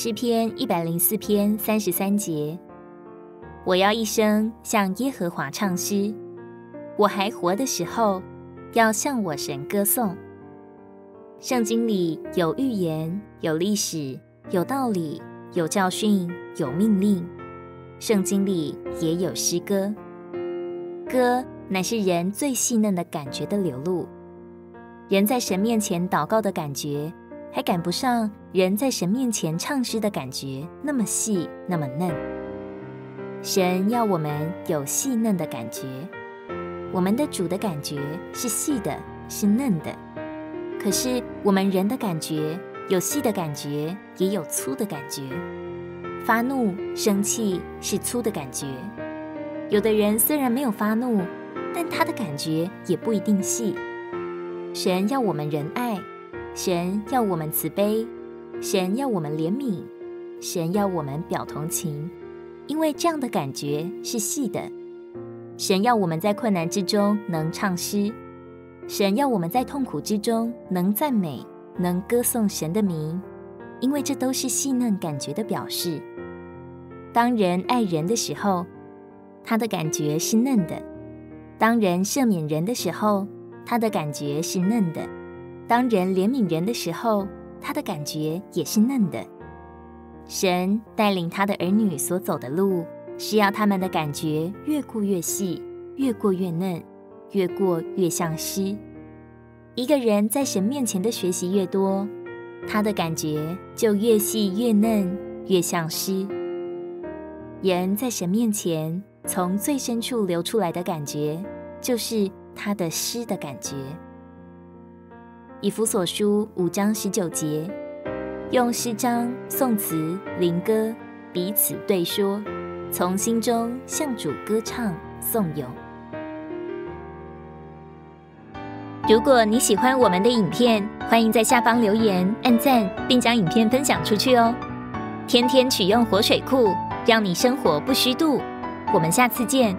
詩篇一百零四篇三十三節：我要一生向耶和華唱詩，我還活的時候要向我神歌頌。聖經裡有預言，有歷史，有道理，有教訓，有命令。聖經裡也有詩歌，歌乃是人最細嫩的感覺的流露，人在神面前禱告的感覺。還趕不上人在神面前唱詩的感覺，那麼細那麼嫩。神要我們有細嫩的感覺，我們的主的感覺是細的，是嫩的。可是我們人的感覺有細的感覺，也有粗的感覺。發怒、生氣是粗的感覺。有的人雖然沒有發怒，但他的感覺也不一定細。神要我們仁愛。神要我們慈悲，神要我們憐憫，神要我們表同情，因為這樣的感覺是細的。神要我們在困難之中能唱詩，神要我們在痛苦之中能讚美，能歌頌神的名，因為這都是細嫩感覺的表示。當人愛人的時候，他的感覺是嫩的；當人赦免人的時候，他的感覺是嫩的。當人憐憫人的時候，他的感覺也是嫩的。神帶領他的兒女所走的路，是要他們的感覺越過越細，越過越嫩，越過越像詩。一個人在神面前的學習越多，他的感覺就越細、越嫩，越像詩。人在神面前從最深處流出來的感覺，就是他的詩的感覺。以弗所書五章十九節，用詩章、頌辭、靈歌，彼此對說，從心中向主歌唱頌詠。如果你喜歡我們的影片，歡迎在下方留言、按讚，並將影片分享出去哦！天天取用活水庫，讓你生活不虛度。我們下次見。